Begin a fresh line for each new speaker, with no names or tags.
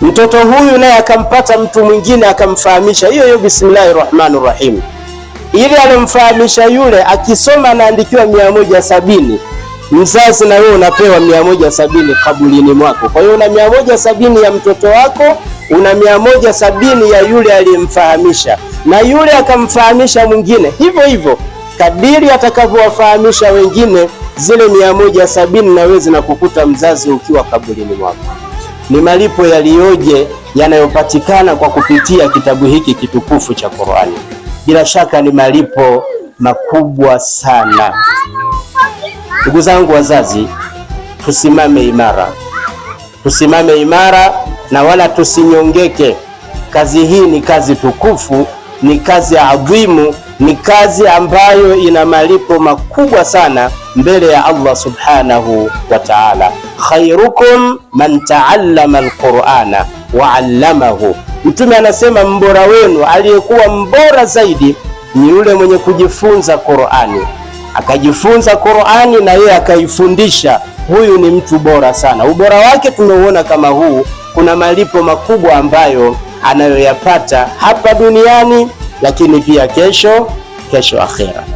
Mtoto huyu naye akampata mtu mwingine akamfahamisha hiyo hiyo bismillahi rahmani rahim, ili alimfahamisha yule akisoma anaandikiwa mia moja sabini. Mzazi na wewe unapewa mia moja sabini kabulini mwako. Kwa hiyo una mia moja sabini ya mtoto wako, una mia moja sabini ya yule aliyemfahamisha, na yule akamfahamisha mwingine hivyo hivyo, kadiri atakavyowafahamisha wengine zile mia moja sabini na wewe zinakukuta mzazi ukiwa kaburini mwako. Ni malipo yaliyoje yanayopatikana kwa kupitia kitabu hiki kitukufu cha Qur'ani. Bila shaka ni malipo makubwa sana. Ndugu zangu wazazi, tusimame imara, tusimame imara na wala tusinyongeke. Kazi hii ni kazi tukufu, ni kazi adhimu, ni kazi ambayo ina malipo makubwa sana mbele ya Allah subhanahu wa ta'ala. Khairukum man taallama alqur'ana wa allamahu, Mtume anasema mbora wenu, aliyekuwa mbora zaidi ni yule mwenye kujifunza Qur'ani akajifunza Qur'ani na yeye akaifundisha. Huyu ni mtu bora sana. Ubora wake tunauona kama huu. Kuna malipo makubwa ambayo anayoyapata hapa duniani, lakini pia kesho kesho akhera.